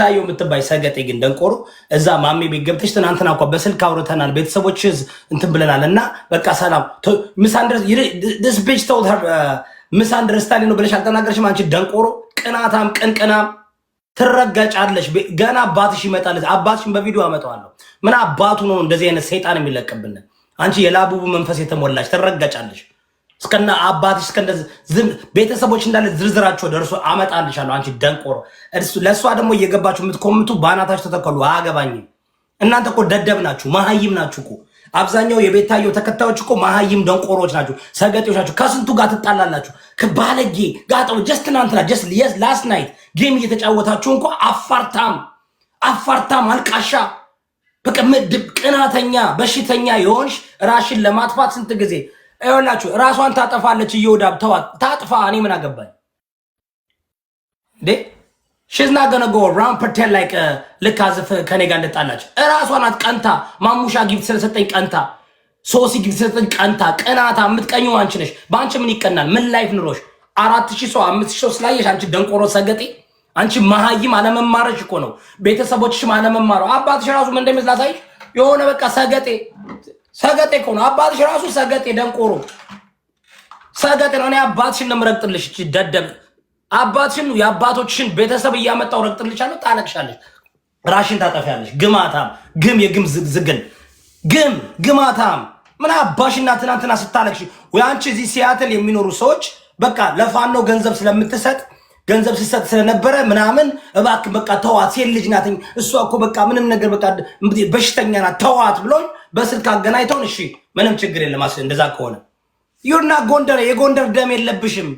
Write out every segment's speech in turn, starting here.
ቤታየው የምትባይ ሰገጤ ግን ደንቆሩ እዛ ማሜ ቤት ገብተሽ ትናንትና እንኳ በስልክ አውርተናል፣ ቤተሰቦች እንትን ብለናል እና በቃ ሰላም ምሳንድስ ቤች ምስ ምሳንድረስታሊ ነው ብለሽ አልተናገርሽም። አንቺ ደንቆሮ ቅናታም ቅንቅናም ትረገጫለሽ። ገና አባትሽ ይመጣል። አባትሽን በቪዲዮ አመጣዋለሁ። ምን አባቱ ነው እንደዚህ አይነት ሰይጣን የሚለቅብን? አንቺ የላቡቡ መንፈስ የተሞላሽ ትረገጫለሽ። እስከነ አባትሽ እስከነ ቤተሰቦች እንዳለ ዝርዝራቸው ደርሶ አመጣልሻለሁ። አንቺ ደንቆሮ ለእሷ ደግሞ እየገባችሁ የምትኮምቱ በአናታችሁ ተተከሉ። አያገባኝም። እናንተ እኮ ደደብ ናችሁ፣ መሀይም ናችሁ እኮ አብዛኛው የቤታየው ተከታዮች እኮ መሀይም ደንቆሮች ናቸው፣ ሰገጤዎች ናቸው። ከስንቱ ጋር ትጣላላችሁ? ከባለጌ ጋጠው ጀስት ትናንትና ጀስት የስ ላስት ናይት ጌም እየተጫወታችሁ እንኳ አፋርታም አፋርታም አልቃሻ በቃ ቅናተኛ በሽተኛ የሆንሽ ራሽን ለማጥፋት ስንት ጊዜ ይኸውላችሁ ራሷን ታጠፋለች። እየወዳብ ተዋት ታጥፋ። እኔ ምን አገባኝ እንዴ? ሽዝና ገነጎ ራን ፐርቴን ላይክ ልክ አዝፍ uh, ከኔ ጋር እንደጣላች እራሷን ናት ቀንታ። ማሙሻ ጊፍት ስለሰጠኝ ቀንታ፣ ሶሲ ጊፍት ስለሰጠኝ ቀንታ። ቅናታ የምትቀኙ አንቺ ነሽ። በአንቺ ምን ይቀናል? ምን ላይፍ ኑሮሽ? አራት ሺህ ሰው አምስት ሺህ ሰው ስላየሽ አንቺ ደንቆሮ ሰገጤ፣ አንቺ መሀይም አለመማረሽ እኮ ነው። ቤተሰቦችሽም አለመማረው አባትሽ ራሱ ምን እንደሚመስል የሆነ በቃ ሰገጤ ሰገጤ እኮ ነው አባትሽ ራሱ ሰገጤ፣ ደንቆሮ ሰገጤ ነው። እኔ አባትሽን ነው የምረግጥልሽ። ደደብ አባትሽን የአባቶችሽን ቤተሰብ እያመጣው ረግጥልሻለሁ። ታለቅሻለሽ፣ ራሽን ታጠፊያለሽ። ግማታም ግም፣ የግም ዝግን ግም፣ ግማታም ምን አባሽና ትናንትና ስታለቅሽ ወይ አንቺ እዚህ ሲያትል የሚኖሩ ሰዎች በቃ ለፋኖ ገንዘብ ስለምትሰጥ ገንዘብ ስሰጥ ስለነበረ ምናምን እባክ በቃ ተዋት፣ ሴት ልጅ ናትኝ እሷ እኮ በቃ ምንም ነገር በቃ በሽተኛ ናት ተዋት ብሎኝ በስልክ አገናኝተውን፣ እሺ ምንም ችግር የለም አስ እንደዛ ከሆነ ይሁና። ጎንደር የጎንደር ደም የለብሽም።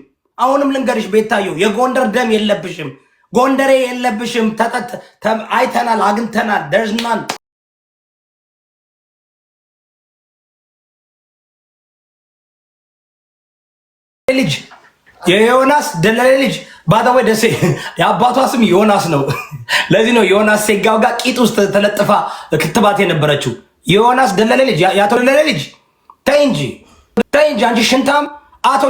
አሁንም ልንገርሽ ቤታየው የጎንደር ደም የለብሽም፣ ጎንደሬ የለብሽም። ተጠጥ አይተናል፣ አግኝተናል ደርዝናን ልጅ የዮናስ ደለሌ ልጅ ባታወ ደሴ የአባቷ ስም ዮናስ ነው። ለዚህ ነው ዮናስ ሴጋው ጋር ቂጥ ውስጥ ተለጥፋ ክትባት የነበረችው ዮናስ ደለለ ልጅ የአቶ ደለለ ልጅ። ተይ እንጂ ተይ እንጂ አንቺ ሽንታም። አቶ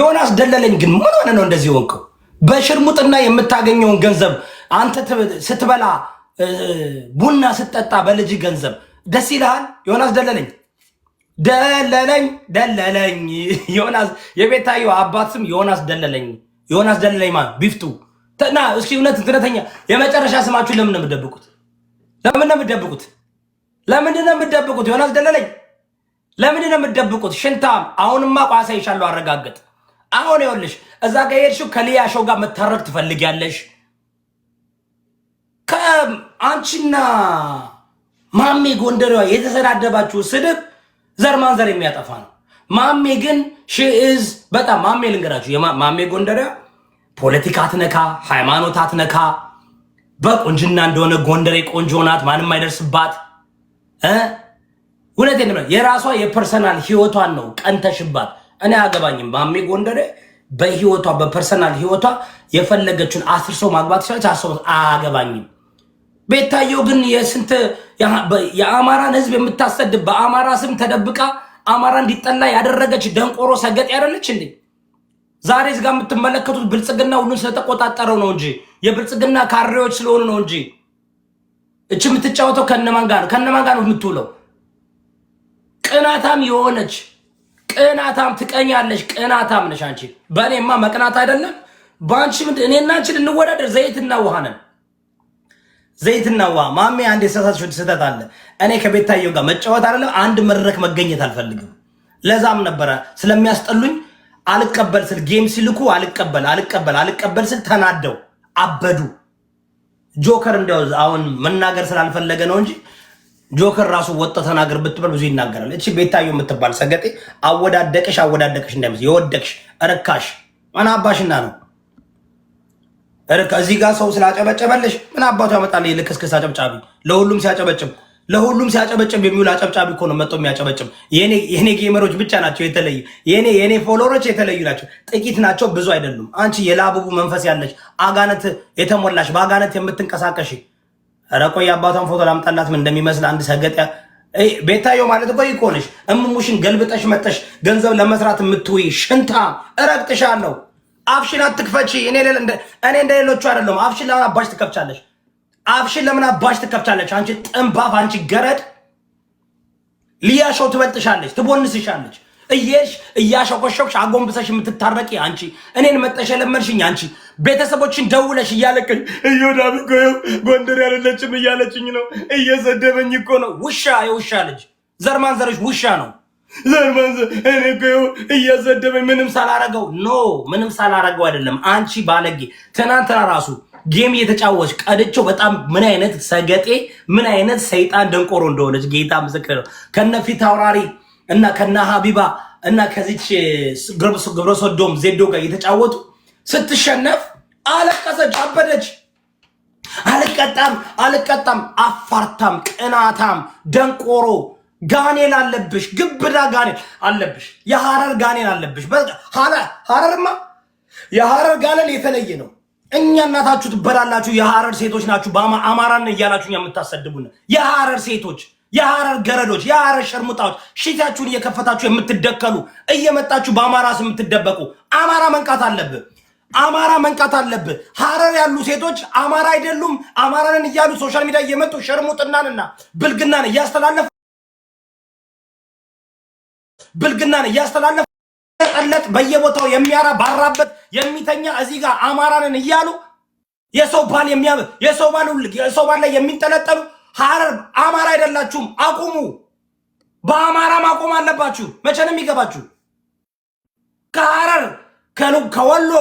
ዮናስ ደለለኝ ግን ምን ሆነ ነው እንደዚህ ወንከው? በሽርሙጥና የምታገኘውን ገንዘብ አንተ ስትበላ ቡና ስትጠጣ በልጅ ገንዘብ ደስ ይልሃል? ዮናስ ደለለኝ ደለለኝ ደለለኝ ዮናስ የቤታየው አባት ስም ዮናስ ደለለኝ ዮናስ ማን ቢፍቱ ና እስኪ እውነት እንትነተኛ የመጨረሻ ስማችሁ ለምን ነው የምትደብቁት? ለምን ነው የምትደብቁት? ለምንድን ነው የምትደብቁት? ዮናስ ደለለኝ ለምንድን ነው የምትደብቁት? ሽንታም አሁንማ ቋሳ ይሻሉ አረጋግጥ። አሁን ይኸውልሽ እዛ ጋር የሄድሽው ከሊያ ሾው ጋር መታረቅ ትፈልጊያለሽ። ከአንቺና ማሜ ጎንደሬዋ የተሰዳደባችሁ ስድብ ዘር ማንዘር የሚያጠፋ ነው። ማሜ ግን ሽዕዝ በጣም ማሜ ልንገራችሁ፣ ማሜ ጎንደሪያ ፖለቲካ አትነካ፣ ሃይማኖት አትነካ። በቆንጅና እንደሆነ ጎንደሬ ቆንጆ ናት፣ ማንም አይደርስባት። እውነት የራሷ የፐርሰናል ህይወቷን ነው ቀንተሽባት። እኔ አያገባኝም። ማሜ ጎንደሬ በህይወቷ በፐርሰናል ህይወቷ የፈለገችውን አስር ሰው ማግባት ሲች አስር አያገባኝም። ቤታየው ግን የስንት የአማራን ህዝብ የምታሰድብ በአማራ ስም ተደብቃ አማራ እንዲጠላ ያደረገች ደንቆሮ ሰገጥ ያደለች እንዴ? ዛሬ እዚህ የምትመለከቱት ብልጽግና ሁሉን ስለተቆጣጠረው ነው እንጂ የብልጽግና ካሬዎች ስለሆኑ ነው እንጂ እች የምትጫወተው ከነማን ጋር ነው? ከነማን ጋር ነው የምትውለው? ቅናታም የሆነች ቅናታም ትቀኛለች። ቅናታም ነሽ አንቺ። በእኔማ መቅናት አይደለም በአንቺ ምንድን እኔና አንቺን እንወዳደር ዘይትና ውሃ ነን። ዘይትና ውሃ ማሜ፣ አንድ የሰሳሽ ስህተት አለ። እኔ ከቤታየው ጋር መጫወት አይደለም አንድ መድረክ መገኘት አልፈልግም። ለዛም ነበረ ስለሚያስጠሉኝ አልቀበል ስል ጌም ሲልኩ አልቀበል አልቀበል አልቀበል ስል ተናደው አበዱ። ጆከር እንዲያው አሁን መናገር ስላልፈለገ ነው እንጂ ጆከር ራሱ ወጣ ተናገር ብትበል ብዙ ይናገራል። እቺ ቤታዩ የምትባል ሰገጤ አወዳደቀሽ አወዳደቀሽ እንዳይመስል የወደቅሽ ርካሽ ማን አባሽና ነው ከዚህ ጋር ሰው ስላጨበጨበልሽ ምን አባቱ ያመጣል? ልክስክስ አጨብጫቢ፣ ለሁሉም ሲያጨበጭም ለሁሉም ሲያጨበጭም የሚውል አጨብጫቢ እኮ ነው መጥቶ የሚያጨበጭም። የኔ ጌመሮች ብቻ ናቸው የተለዩ፣ የኔ የኔ ፎሎሮች የተለዩ ናቸው። ጥቂት ናቸው፣ ብዙ አይደሉም። አንቺ የላብቡ መንፈስ ያለች አጋነት የተሞላሽ በአጋነት የምትንቀሳቀሽ ረቆ የአባቷን ፎቶ ላምጣላት ምን እንደሚመስል አንድ ሰገጥ ቤታዮ ማለት እኮ ይኮንሽ እምሙሽን ገልብጠሽ መጠሽ ገንዘብ ለመስራት የምትውይ ሽንታ እረግጥሻለሁ። አፍሽን አትክፈቺ። እኔ እኔ እንደሌሎቹ አይደለሁም። አፍሽን ለምን አባሽ ትከፍቻለሽ? አፍሽን ለምን አባሽ ትከፍቻለሽ? አንቺ ጥንባፍ፣ አንቺ ገረድ። ሊያሾው ትበልጥሻለች፣ ትቦንስሻለች። እየሽ እያሸኮሸኩሽ አጎንብሰሽ የምትታረቂ አንቺ፣ እኔን መጠሽ የለመንሽኝ አንቺ። ቤተሰቦችን ደውለሽ እያለቀኝ እዮዳብ እኮ ጎንደር ያለለችም እያለችኝ ነው፣ እየሰደበኝ እኮ ነው። ውሻ የውሻ ልጅ ዘር ማንዘርሽ ውሻ ነው። ዘርበን እኔ እያዘደበኝ ምንም ሳላረገው ኖ ምንም ሳላረገው አይደለም። አንቺ ባለጌ ትናንትና ራሱ ጌም እየተጫወች ቀድቼው በጣም ምን አይነት ሰገጤ ምን አይነት ሰይጣን ደንቆሮ እንደሆነች ጌታ ምስክር ነው። ከነ ፊት አውራሪ እና ከነ ሀቢባ እና ከዚች ግብረ ዜዶ ጋር እየተጫወቱ ስትሸነፍ አለቀሰች፣ አበደች። አልቀጣም አልቀጣም፣ አፋርታም፣ ቅናታም፣ ደንቆሮ ጋኔን አለብሽ፣ ግብዳ ጋኔን አለብሽ፣ የሐረር ጋኔን አለብሽ። ሐረርማ የሐረር ጋኔን የተለየ ነው። እኛ እናታችሁ ትበላላችሁ። የሐረር ሴቶች ናችሁ። አማራን እያላችሁ የምታሰድቡን የሐረር ሴቶች፣ የሐረር ገረዶች፣ የሐረር ሸርሙጣዎች ሽታችሁን እየከፈታችሁ የምትደከሉ እየመጣችሁ በአማራ ስም የምትደበቁ አማራ መንቃት አለብህ። አማራ መንቃት አለብህ። ሐረር ያሉ ሴቶች አማራ አይደሉም አማራንን እያሉ ሶሻል ሚዲያ እየመጡ ሸርሙጥናንና ብልግናን እያስተላለፉ ብልግናን እያስተላለፈ ጠለጥ በየቦታው የሚያራ ባራበት የሚተኛ እዚህ ጋር አማራንን እያሉ የሰው ባል የሚያብ የሰው ባል የሰው ባል ላይ የሚንጠለጠሉ ሐረር አማራ አይደላችሁም፣ አቁሙ። በአማራ ማቆም አለባችሁ። መቼ ነው የሚገባችሁ? ከሀረር ከወሎ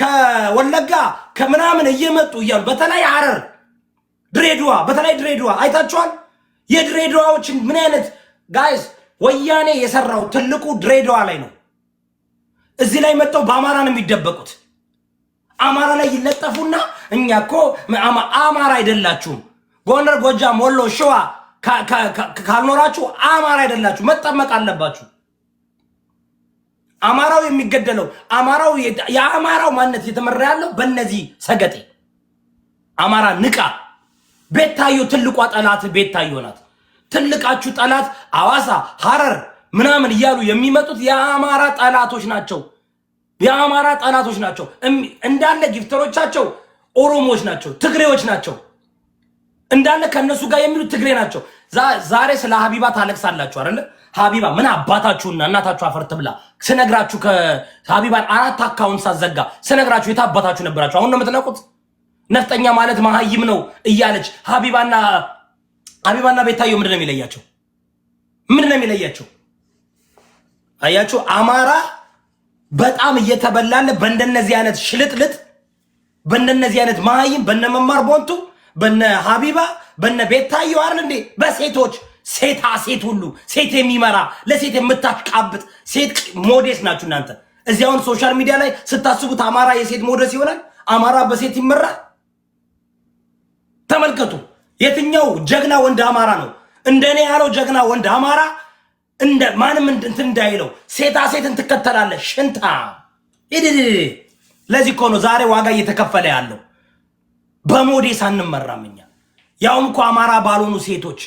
ከወለጋ ከምናምን እየመጡ እያሉ በተለይ ሐረር ድሬድዋ፣ በተለይ ድሬድዋ አይታችኋል። የድሬድዋዎችን ምን አይነት ጋይስ ወያኔ የሰራው ትልቁ ድሬዳዋ ላይ ነው። እዚህ ላይ መጥተው በአማራ ነው የሚደበቁት። አማራ ላይ ይለጠፉና እኛ እኮ አማራ አይደላችሁም፣ ጎንደር፣ ጎጃም፣ ወሎ፣ ሸዋ ካልኖራችሁ አማራ አይደላችሁ፣ መጠመቅ አለባችሁ። አማራው የሚገደለው አማራው የአማራው ማንነት እየተመራ ያለው በእነዚህ ሰገጤ። አማራ ንቃ! ቤታዮ ትልቋ ጠላት ቤታዮ ናት። ትልቃችሁ ጠላት አዋሳ፣ ሐረር ምናምን እያሉ የሚመጡት የአማራ ጠላቶች ናቸው። የአማራ ጠላቶች ናቸው። እንዳለ ጊፍተሮቻቸው ኦሮሞዎች ናቸው፣ ትግሬዎች ናቸው። እንዳለ ከእነሱ ጋር የሚሉት ትግሬ ናቸው። ዛሬ ስለ ሀቢባ ታለቅሳላችሁ አይደለ? ሀቢባ ምን አባታችሁና እናታችሁ አፈር ትብላ ስነግራችሁ፣ ከሀቢባን አራት አካውንት ሳዘጋ ስነግራችሁ የታባታችሁ ነበራችሁ። አሁን ነው የምትነቁት። ነፍጠኛ ማለት መሀይም ነው እያለች ሀቢባና አቢባና ቤታዮ ምንድን ነው የሚለያቸው? ምንድን ነው የሚለያቸው? አያችሁ፣ አማራ በጣም እየተበላለ በእንደነዚህ አይነት ሽልጥልጥ፣ በእንደነዚህ አይነት መሀይም፣ በነ መማር ቦንቱ፣ በነ ሀቢባ፣ በነ ቤታዮ አይደል እንዴ? በሴቶች ሴታ ሴት ሁሉ ሴት የሚመራ ለሴት የምታቃብጥ ሴት ሞዴስ ናችሁ እናንተ። እዚያውን ሶሻል ሚዲያ ላይ ስታስቡት አማራ የሴት ሞዴስ ይሆናል? አማራ በሴት ይመራል? ተመልከቱ። የትኛው ጀግና ወንድ አማራ ነው እንደኔ ያለው ጀግና ወንድ አማራ እንደ ማንም እንትን እንዳይለው ሴታ ሴትን ትከተላለህ ሽንታ ይድድድ ለዚህ እኮ ነው ዛሬ ዋጋ እየተከፈለ ያለው በሞዴስ አንመራም እኛ ያውም እኮ አማራ ባልሆኑ ሴቶች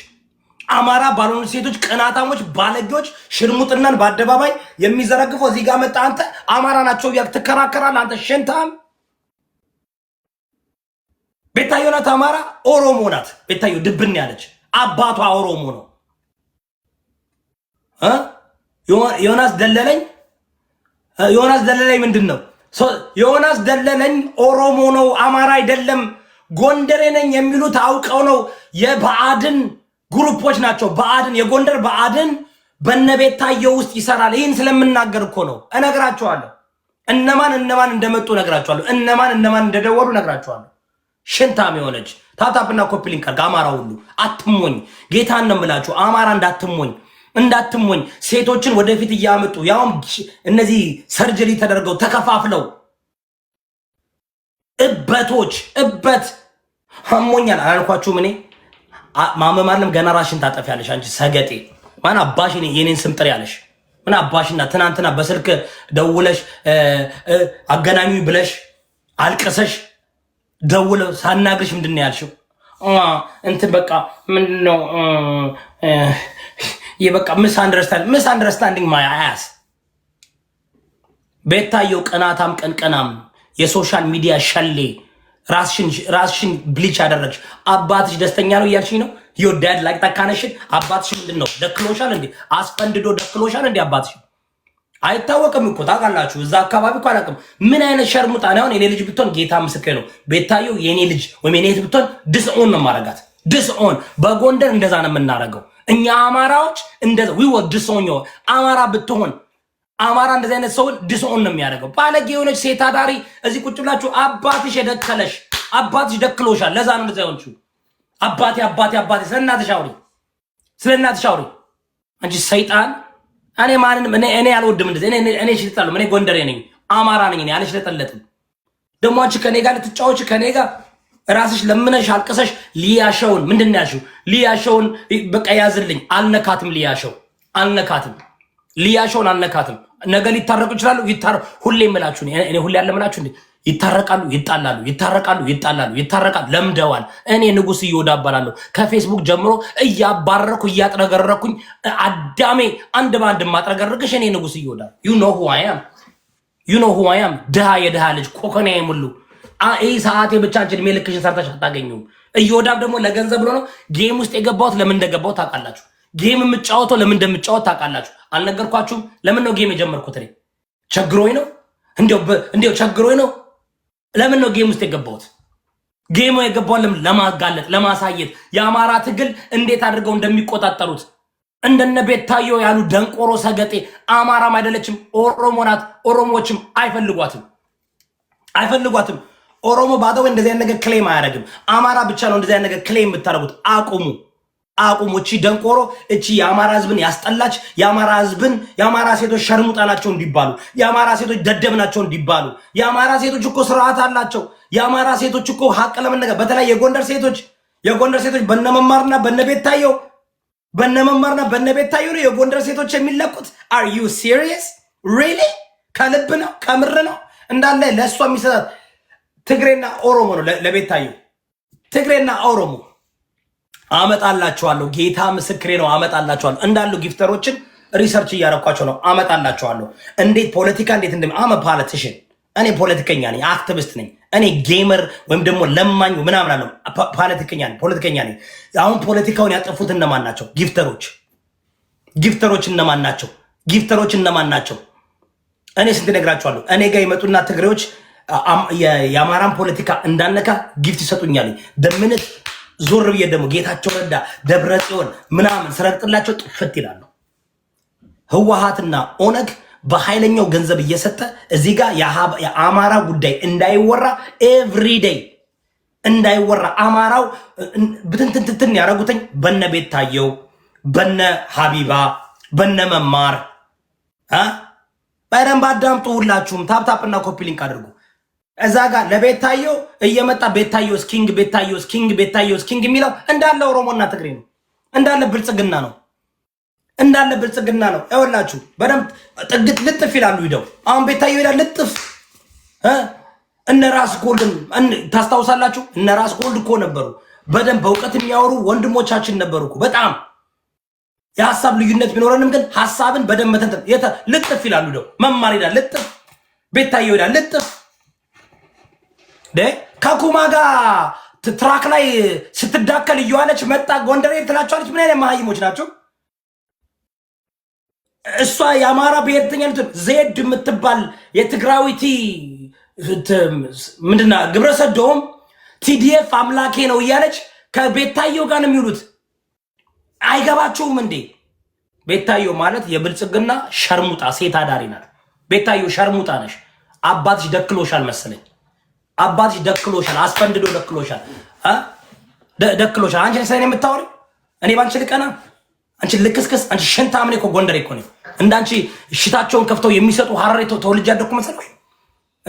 አማራ ባልሆኑ ሴቶች ቅናታሞች ባለጌዎች ሽርሙጥናን በአደባባይ የሚዘረግፈው እዚህ ጋር መጣ አንተ አማራ ናቸው ትከራከራል አንተ ሽንታም ቤታዮ ናት አማራ፣ ኦሮሞ ናት። ቤታዮ ድብን ያለች አባቷ ኦሮሞ ነው። ዮናስ ደለለኝ ዮናስ ደለለኝ ምንድን ነው? ዮናስ ደለለኝ ኦሮሞ ነው፣ አማራ አይደለም፣ ጎንደሬ ነኝ የሚሉት አውቀው ነው። የበአድን ግሩፖች ናቸው። በአድን የጎንደር በአድን በነቤታዮ ውስጥ ይሰራል። ይህን ስለምናገር እኮ ነው። እነግራቸዋለሁ። እነማን እነማን እንደመጡ እነግራቸዋለሁ። እነማን እነማን እንደደወሉ እነግራቸዋለሁ። ሽንታም የሆነች ታታፕና ኮፒሊንክ አድርግ። አማራ ሁሉ አትሞኝ፣ ጌታ ነው አማራ እንዳትሞኝ እንዳትሞኝ ሴቶችን ወደፊት እያመጡ ያውም እነዚህ ሰርጀሪ ተደርገው ተከፋፍለው እበቶች እበት አሞኛል አላልኳችሁም? እኔ ማመማለም ገና ራሽን ታጠፊያለሽ አንቺ ሰገጤ። ማን አባሽ የኔን ስም ጥሪ ያለሽ? ምን አባሽና ትናንትና በስልክ ደውለሽ አገናኙ ብለሽ አልቅሰሽ ደውለው ሳናግርሽ ምንድን ነው ያልሽው? እንትን በቃ ምንድን ነው የበቃ ምስ አንደርስታንዲንግ ምስ አንደርስታንዲንግ ማይ አያስ ቤታየው ቀናታም ቀንቀናም የሶሻል ሚዲያ ሸሌ ራስሽን ብሊች አደረግሽ። አባትሽ ደስተኛ ነው እያልሽኝ ነው። ዮ ዳድ ላይ ጠካነሽን አባትሽ ምንድን ነው ደክሎሻል እንዴ? አስፈንድዶ ደክሎሻል እንዴ አባትሽ አይታወቅም እኮ ታውቃላችሁ። እዛ አካባቢ እኮ አላውቅም ምን አይነት ሸርሙጣ ነው። አሁን የኔ ልጅ ብትሆን ጌታ ምስክር ነው ቤታየው የኔ ልጅ ወይም የኔ እህት ብትሆን ድስኦን ነው ማረጋት። ድስኦን በጎንደር እንደዛ ነው የምናረገው እኛ አማራዎች እንደዛ ዊወ ወር ድስኦን አማራ ብትሆን አማራ እንደዚህ አይነት ሰውን ድስኦን ነው የሚያደርገው። ባለጌ የሆነች ሴት አዳሪ እዚህ ቁጭ ብላችሁ አባትሽ የደከለሽ አባትሽ ደክሎሻል። ለዛ ነው ዛ ሆንችሁ። አባቴ አባቴ አባቴ ስለእናትሽ አውሪ፣ ስለእናትሽ አውሪ አንቺ ሰይጣን እኔ ማንንም እኔ እኔ አልወድም እንደዚህ እኔ እኔ ሽልጣለሁ። እኔ ጎንደሬ ነኝ፣ አማራ ነኝ። እኔ አልሽለጠለጥም። ደግሞ አንቺ ከኔ ጋር ልትጫወች ከኔ ጋር ራስሽ ለምነሽ አልቅሰሽ ሊያሸውን ምንድን ነው ያልሽው? ሊያሸውን በቃ ያዝልኝ። አልነካትም፣ ሊያሸው አልነካትም፣ ሊያሸውን አልነካትም። ነገ ሊታረቁ ይችላሉ። ይታረ ሁሌ የምላችሁ እኔ ሁሌ ያለምላችሁ እንዴ ይታረቃሉ፣ ይጣላሉ፣ ይታረቃሉ፣ ይጣላሉ፣ ይታረቃሉ። ለምደዋል። እኔ ንጉስ እየወዳ እባላለሁ። ከፌስቡክ ጀምሮ እያባረርኩ እያጥረገረኩኝ አዳሜ አንድ በአንድ ማጥረገርግሽ እኔ ንጉስ እየወዳ ዩ ኖ ሁ አይ አም ዩ ኖ ሁ አይ አም ድሃ የድሃ ልጅ ኮኮና የሙሉ ይህ ሰዓቴ ብቻ አንቺን ሜልክሽን ሰርተሽ አታገኘውም። እየወዳም ደግሞ ለገንዘብ ብሎ ነው ጌም ውስጥ የገባሁት። ለምን እንደገባው ታውቃላችሁ። ጌም የምጫወተው ለምን እንደምጫወት ታውቃላችሁ። አልነገርኳችሁም? ለምን ነው ጌም የጀመርኩት? እኔ ቸግሮኝ ነው እንዲያው ቸግሮኝ ነው ለምን ነው ጌም ውስጥ የገባሁት? ጌሙ የገባውን ለምን ለማጋለጥ፣ ለማሳየት የአማራ ትግል እንዴት አድርገው እንደሚቆጣጠሩት እንደነ ቤታዮ ያሉ ደንቆሮ ሰገጤ አማራም አይደለችም፣ ኦሮሞ ናት። ኦሮሞዎችም አይፈልጓትም አይፈልጓትም። ኦሮሞ ባዶ እንደዚህ አይነት ነገር ክሌም አያደርግም። አማራ ብቻ ነው እንደዚህ አይነት ነገር ክሌም የምታደርጉት። አቁሙ። አቁሙ። እቺ ደንቆሮ፣ እቺ የአማራ ህዝብን ያስጠላች፣ የአማራ ህዝብን የአማራ ሴቶች ሸርሙጣ ናቸው እንዲባሉ፣ የአማራ ሴቶች ደደብ ናቸው እንዲባሉ። የአማራ ሴቶች እኮ ስርዓት አላቸው። የአማራ ሴቶች እኮ ሀቅ ለመነገር በተለይ የጎንደር ሴቶች የጎንደር ሴቶች በነመማርና በነቤት ታየው በነመማርና በነቤት ታየው ነው የጎንደር ሴቶች የሚለቁት። አር ዩ ሲሪየስ ሪሊ? ከልብ ነው ከምር ነው እንዳለ ለእሷ የሚሰጣት ትግሬና ኦሮሞ ነው ለቤት ታየው ትግሬና ኦሮሞ አመጣላችኋለሁ። ጌታ ምስክሬ ነው። አመጣላችኋለሁ እንዳሉ ጊፍተሮችን ሪሰርች እያረኳቸው ነው። አመጣላችኋለሁ። እንዴት ፖለቲካ እንዴት እንደ አመ ፓለቲሽን እኔ ፖለቲከኛ ነኝ፣ አክቲቪስት ነኝ። እኔ ጌመር ወይም ደግሞ ለማኝ ምናምን አለው ፖለቲከኛ ነኝ፣ ፖለቲከኛ ነኝ። አሁን ፖለቲካውን ያጠፉት እነማን ናቸው? ጊፍተሮች። ጊፍተሮች እነማን ናቸው? ጊፍተሮች እነማን ናቸው? እኔ ስንት እነግራቸዋለሁ። እኔ ጋር የመጡና ትግሬዎች የአማራን ፖለቲካ እንዳነካ ጊፍት ይሰጡኛል። ደምንት ዞር ብዬ ደግሞ ጌታቸው ረዳ ደብረ ጽዮን ምናምን ስረግጥላቸው ጥፍት ይላሉ። ህወሀትና ኦነግ በኃይለኛው ገንዘብ እየሰጠ እዚህ ጋር የአማራ ጉዳይ እንዳይወራ ኤቭሪዴይ እንዳይወራ አማራው ብትንትንትትን ያደረጉትኝ በነ ቤት ታየው፣ በነ ሀቢባ፣ በነ መማር በደንብ አዳምጡ። ሁላችሁም ታፕታፕና ኮፒ ሊንክ አድርጉ። እዛ ጋር ለቤታዮ እየመጣ ቤታዮስ ኪንግ ቤታዮስ ኪንግ ቤታዮስ ኪንግ የሚለው እንዳለ ኦሮሞና ትግሬ ነው። እንዳለ ብልጽግና ነው። እንዳለ ብልጽግና ነው። ይኸውላችሁ በደምብ ጥግት ልጥፍ ይላሉ ሂደው አሁን ቤታዮ ሄዳ ልጥፍ እነ ራስ ጎልድን ታስታውሳላችሁ። እነ ራስ ጎልድ እኮ ነበሩ በደንብ በእውቀት የሚያወሩ ወንድሞቻችን ነበሩ እኮ በጣም የሀሳብ ልዩነት ቢኖረንም ግን ሀሳብን በደንብ መተንተን ልጥፍ ይላሉ ሂደው መማር ሄዳ ልጥፍ ቤታዮ ሄዳ ልጥፍ ከኩማ ጋር ትራክ ላይ ስትዳከል እየዋለች መጣ ጎንደሬ ትላቸዋለች። ምን አይነት መሀይሞች ናቸው? እሷ የአማራ ብሔርተኛ ዜድ የምትባል የትግራዊቲ ምንድና ግብረሰዶውም ቲዲኤፍ አምላኬ ነው እያለች ከቤታየው ጋር ነው የሚውሉት። አይገባችሁም እንዴ? ቤታየው ማለት የብልጽግና ሸርሙጣ ሴት አዳሪ ናት። ቤታየው ሸርሙጣ ነሽ። አባትሽ ደክሎሻል መሰለኝ። አባትሽ ደክሎሻል፣ አስፈንድዶ ደክሎሻል፣ ደክሎሻል። አንቺ ልሳይን የምታወሪ እኔ ባንቺ ልቀና? አንቺ ልክስክስ፣ አንቺ ሽንታ ምን እኮ ጎንደሬ እኮ ነኝ። እንዳንቺ ሽታቸውን ከፍተው የሚሰጡ ሐረር ተወልጄ ያደኩ መሰልኩሽ?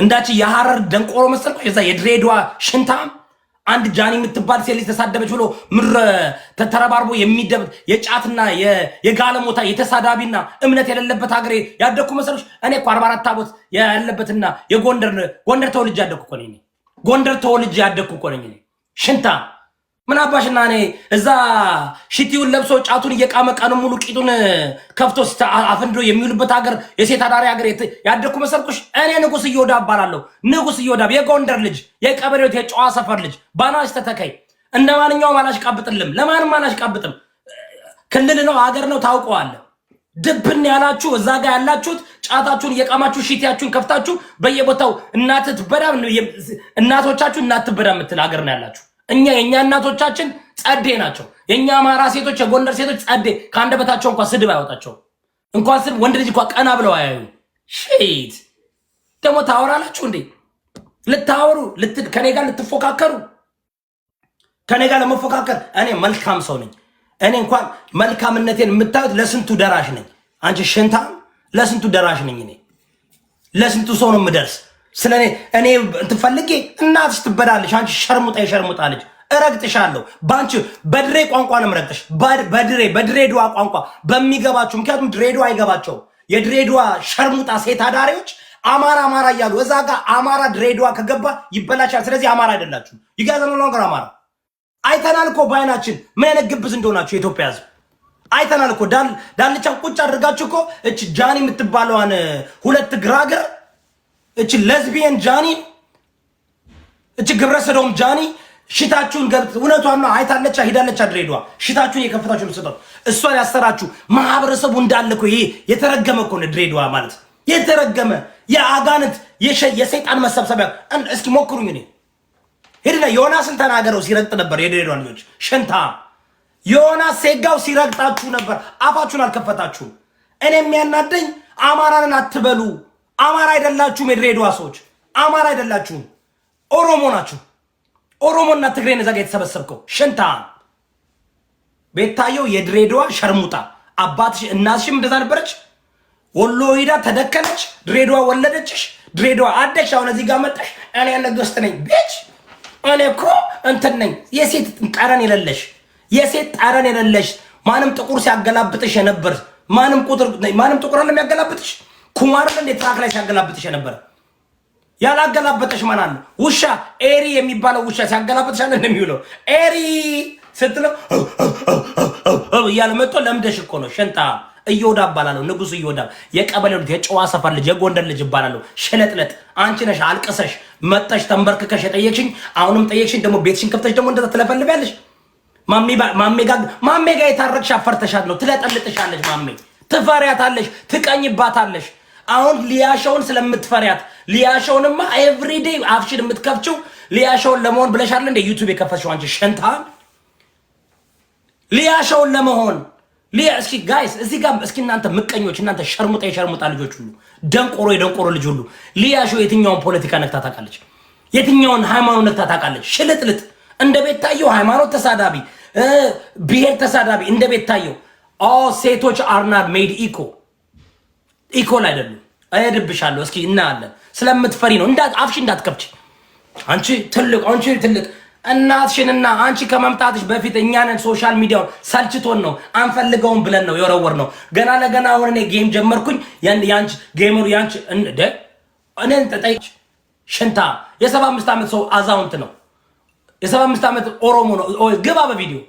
እንዳንቺ የሀረር ደንቆሮ መሰልኩሽ? የዛ የድሬዳዋ ሽንታም አንድ ጃኒ የምትባል ሴት ልጅ ተሳደበች ብሎ ምረ ተተረባርቦ የሚደብ የጫትና የጋለሞታ የተሳዳቢና እምነት የሌለበት ሀገሬ ያደግኩ መሰሎች። እኔ እኮ አርባ አራት ያለበትና የጎንደር ጎንደር ተወልጅ ያደግኩ እኮ ነኝ። ጎንደር ተወልጅ ያደግኩ እኮ ነኝ። ሽንታ ምን አባሽና እኔ እዛ ሽቲውን ለብሶ ጫቱን እየቃመ ቀኑን ሙሉ ቂጡን ከፍቶ አፍንዶ የሚውልበት ሀገር የሴት አዳሪ ሀገር ያደግኩ መሰልኩሽ? እኔ ንጉስ እየወዳ እባላለሁ። ንጉስ እየወዳ የጎንደር ልጅ፣ የቀበሌዎት የጨዋ ሰፈር ልጅ ባናሽ ተተካይ። እንደ ማንኛውም አላሽቃብጥልም፣ ለማንም አላሽቃብጥም። ክልል ነው ሀገር ነው ታውቀዋለ። ድብን ያላችሁ እዛ ጋር ያላችሁት ጫታችሁን እየቃማችሁ ሽቲያችሁን ከፍታችሁ በየቦታው እናትት በዳም እናቶቻችሁ እናትበዳ የምትል ሀገር ነው ያላችሁ እኛ የእኛ እናቶቻችን ጸዴ ናቸው። የእኛ አማራ ሴቶች፣ የጎንደር ሴቶች ጸዴ በታቸው እንኳን ስድብ አያወጣቸው። እንኳን ስድብ ወንድ ልጅ እንኳ ቀና ብለው አያዩ። ሼት ደግሞ ታወራላችሁ እንዴ? ልታወሩ ከኔ ጋር ልትፎካከሩ፣ ከኔ ጋር ለመፎካከር። እኔ መልካም ሰው ነኝ። እኔ እንኳን መልካምነቴን የምታዩት ለስንቱ ደራሽ ነኝ። አንቺ ሽንታም፣ ለስንቱ ደራሽ ነኝ እኔ ለስንቱ ሰው ነው የምደርስ ስለ እኔ እንትን ፈልጌ እናትሽ ትበላለች። አንቺ ሸርሙጣ የሸርሙጣለች እረግጥሻለሁ። በአንቺ በድሬ ቋንቋ ነው የምረግጥሽ። በድሬ በድሬድዋ ቋንቋ በሚገባቸው፣ ምክንያቱም ድሬድዋ አይገባቸው የድሬድዋ ሸርሙጣ ሴት አዳሪዎች አማራ አማራ እያሉ እዛ ጋር አማራ ድሬድዋ ከገባ ይበላቻል። ስለዚህ አማራ አይደላችሁ። ይጋዘኑ ነገር አማራ አይተናል እኮ በአይናችን ምን አይነት ግብዝ እንደሆናችሁ የኢትዮጵያ ህዝብ አይተናል እኮ ዳልቻን ቁጭ አድርጋችሁ እኮ እች ጃኒ የምትባለዋን ሁለት ግራግር እች ለዝቢየን ጃኒ እች ግብረሰዶም ጃኒ ሽታችሁን ገብት እውነቷን ነው። አይታለች ሂዳለች አድሬዷ ሽታችሁን የከፈታችሁ የምትሰጧት እሷን ያሰራችሁ ማህበረሰቡ እንዳለ እኮ ይሄ የተረገመ እኮ ድሬዷ ማለት የተረገመ የአጋንት የሰይጣን መሰብሰቢያ። እስኪ ሞክሩኝ። እኔ ሄድና ዮናስን ተናገረው ሲረግጥ ነበር የድሬዷ ልጆች ሸንታ ዮናስ ሴጋው ሲረግጣችሁ ነበር። አፋችሁን አልከፈታችሁም። እኔ የሚያናደኝ አማራንን አትበሉ አማራ አይደላችሁም። የድሬዳዋ ሰዎች አማራ አይደላችሁም፣ ኦሮሞ ናችሁ። ኦሮሞና ትግሬን እዛ ጋ የተሰበሰብከው ሽንታ ቤታየው የድሬዳዋ ሸርሙጣ አባትሽ እናትሽም እንደዛ ነበረች። ወሎ ሂዳ ተደከለች፣ ድሬዳዋ ወለደችሽ፣ ድሬዳዋ አደግሽ። አሁን እዚህ ጋር መጣሽ። እኔ ነገስት ነኝ ቤች እኔ እኮ እንትን ነኝ። የሴት ጠረን የሌለሽ የሴት ጠረን የሌለሽ ማንም ጥቁር ሲያገላብጥሽ የነበር ማንም ቁጥር ማንም ጥቁር የሚያገላብጥሽ ኩማር እንደ ትራክ ላይ ሲያገላብጥሽ የነበረ ያላገላበጠሽ ማን አለ? ውሻ ኤሪ የሚባለው ውሻ ሲያገላበጥሽ አለ እንደሚውለው ኤሪ ስትለው እያለ መጥቶ ለምደሽ እኮ ነው ሸንጣ እዮዳ እባላለሁ። ንጉስ እዮዳ የቀበሌ ልጅ፣ የጨዋ ሰፈር ልጅ፣ የጎንደር ልጅ እባላለሁ። ሸለጥለጥ አንቺ ነሽ አልቅሰሽ መጠሽ ተንበርክከሽ የጠየቅሽኝ። አሁንም ጠየቅሽኝ። ደግሞ ቤትሽን ከፍተሽ ደግሞ እንደዛ ትለፈልቢያለሽ። ማሜ ጋ ጋ የታረቅሽ አፈርተሻት ነው። ትለጠልጥሻለሽ። ማሜ ትፈሪያታለሽ፣ ትቀኝባታለሽ። አሁን ሊያሸውን ስለምትፈሪያት ሊያሸውንማ ኤቭሪዴይ አፍሽን የምትከፍችው ሊያሸውን ለመሆን ብለሻል እንደ ዩቱብ የከፈችው አንቺ ሸንታ ሊያሸውን ለመሆን እስኪ ጋይስ እዚህ ጋር እስኪ እናንተ ምቀኞች፣ እናንተ ሸርሙጣ የሸርሙጣ ልጆች ሁሉ ደንቆሮ የደንቆሮ ልጅ ሁሉ ሊያሸው የትኛውን ፖለቲካ ነክታ ታውቃለች? የትኛውን ሃይማኖት ነክታ ታውቃለች? ሽልጥልጥ እንደ ታየው ሃይማኖት ተሳዳቢ፣ ብሔር ተሳዳቢ እንደ ታየው ኦ ሴቶች አርናድ ሜድ ኢኮ ኢኮል አይደሉም። እሄድብሻለሁ እስኪ እናያለን። ስለምትፈሪ ነው እንዳ አፍሽ እንዳትከብች አንቺ ትልቅ አንቺ ትልቅ እናትሽንና አንቺ ከመምጣትሽ በፊት እኛንን ሶሻል ሚዲያውን ሰልችቶን ነው አንፈልገውን ብለን ነው የወረወር ነው። ገና ለገና አሁን እኔ ጌም ጀመርኩኝ። ያንቺ ጌመሩ ያንቺ እንደ እኔን ተጠይቅ ሽንታ የሰባ አምስት ዓመት ሰው አዛውንት ነው። የሰባ አምስት ዓመት ኦሮሞ ነው። ግባ በቪዲዮ